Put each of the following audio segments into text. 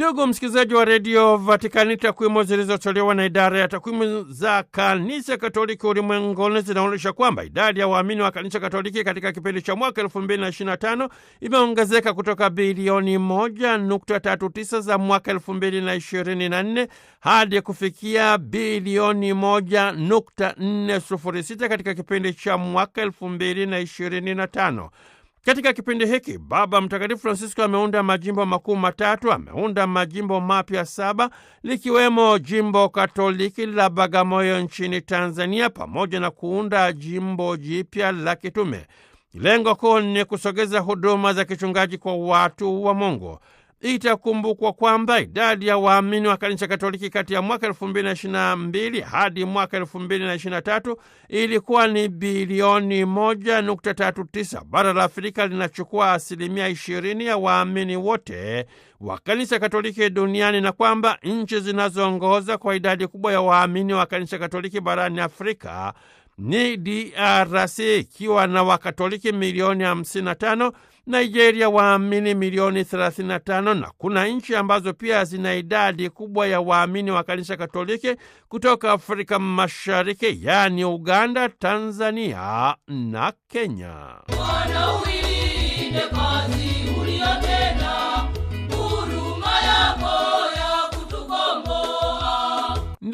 Ndugu msikilizaji wa redio Vatikani, takwimu zilizotolewa na idara ya takwimu za kanisa Katoliki ulimwenguni zinaonyesha kwamba idadi ya waamini wa kanisa Katoliki katika kipindi cha mwaka 2025 imeongezeka kutoka bilioni 1.39 za mwaka 2024 hadi kufikia bilioni 1.406 katika kipindi cha mwaka 2025. Katika kipindi hiki Baba Mtakatifu Francisco ameunda majimbo makuu matatu. Ameunda majimbo mapya saba likiwemo jimbo Katoliki la Bagamoyo nchini Tanzania, pamoja na kuunda jimbo jipya la kitume. Lengo kuu ni kusogeza huduma za kichungaji kwa watu wa Mungu. Itakumbukwa kwamba idadi ya waamini wa kanisa Katoliki kati ya mwaka elfu mbili na ishirini na mbili hadi mwaka elfu mbili na ishirini na tatu ilikuwa ni bilioni moja nukta tatu tisa. Bara la Afrika linachukua asilimia ishirini ya waamini wote wa kanisa Katoliki duniani na kwamba nchi zinazoongoza kwa idadi kubwa ya waamini wa kanisa Katoliki barani Afrika ni DRC ikiwa na Wakatoliki milioni 55, Nigeria waamini milioni 35, na kuna nchi ambazo pia zina idadi kubwa ya waamini wa kanisa Katoliki kutoka Afrika Mashariki, yaani Uganda, Tanzania na Kenya.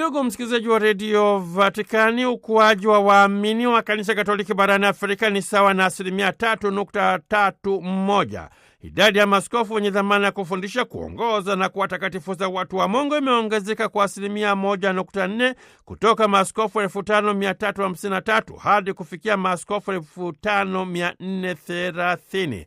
Ndugu msikilizaji wa redio Vatikani, ukuaji wa waamini wa kanisa Katoliki barani Afrika ni sawa na asilimia tatu nukta tatu moja. Idadi ya maskofu wenye dhamana ya kufundisha, kuongoza na kuwatakatifuza watu wa Mungu imeongezeka kwa asilimia moja nukta nne kutoka maskofu elfu tano mia tatu hamsini na tatu hadi kufikia maskofu elfu tano mia nne thelathini.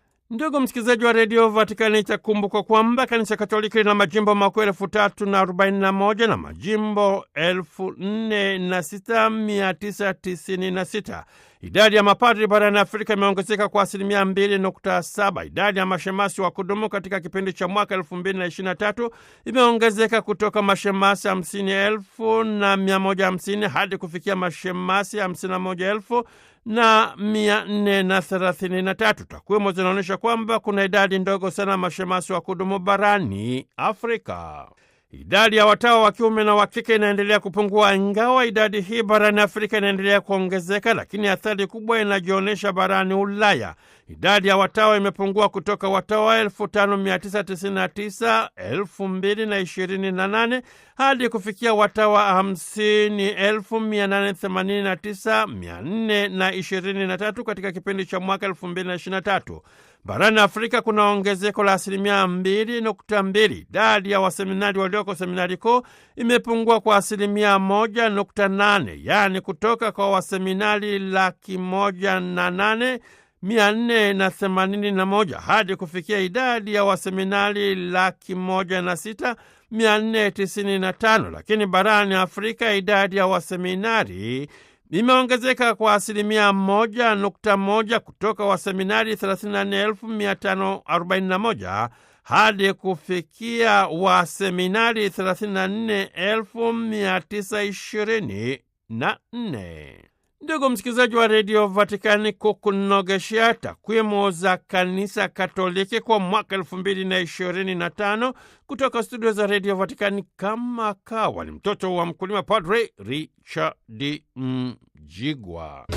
Ndugu msikilizaji wa redio Vatikani, itakumbukwa kwamba kanisa Katoliki lina majimbo makuu elfu tatu na arobaini na moja na majimbo elfu nne na sita mia tisa tisini na sita. Idadi ya mapadri barani Afrika imeongezeka kwa asilimia mbili nukta saba. Idadi ya mashemasi wa kudumu katika kipindi cha mwaka elfu mbili na ishirini na tatu imeongezeka kutoka mashemasi hamsini elfu na mia moja hamsini hadi kufikia mashemasi hamsini na moja elfu na mia nne na thelathini na tatu. Takwimu zinaonyesha kwamba kuna idadi ndogo sana mashemasi wa kudumu barani Afrika. Idadi ya watawa wa kiume na wa kike inaendelea kupungua, ingawa idadi hii barani Afrika inaendelea kuongezeka, lakini athari kubwa inajionyesha barani Ulaya. Idadi ya watawa imepungua kutoka watawa 5999 2028 hadi kufikia watawa 50889,423 katika kipindi cha mwaka 2023. Barani Afrika kuna ongezeko la asilimia 2.2. Idadi ya waseminari walioko seminari kuu imepungua kwa asilimia 1.8, yaani kutoka kwa waseminari laki moja na nane mia nne na themanini na moja hadi kufikia idadi ya waseminari laki moja na sita mia tisini na tano lakini barani Afrika idadi ya waseminari imeongezeka kwa asilimia moja nukta moja kutoka waseminari 34541 hadi kufikia waseminari 34924. Ndugu msikilizaji wa redio Vatikani, kukunogeshea takwimu za kanisa Katoliki kwa mwaka elfu mbili na ishirini na tano kutoka studio za redio Vatikani, kama kawa ni mtoto wa mkulima, Padre Richard Mjigwa.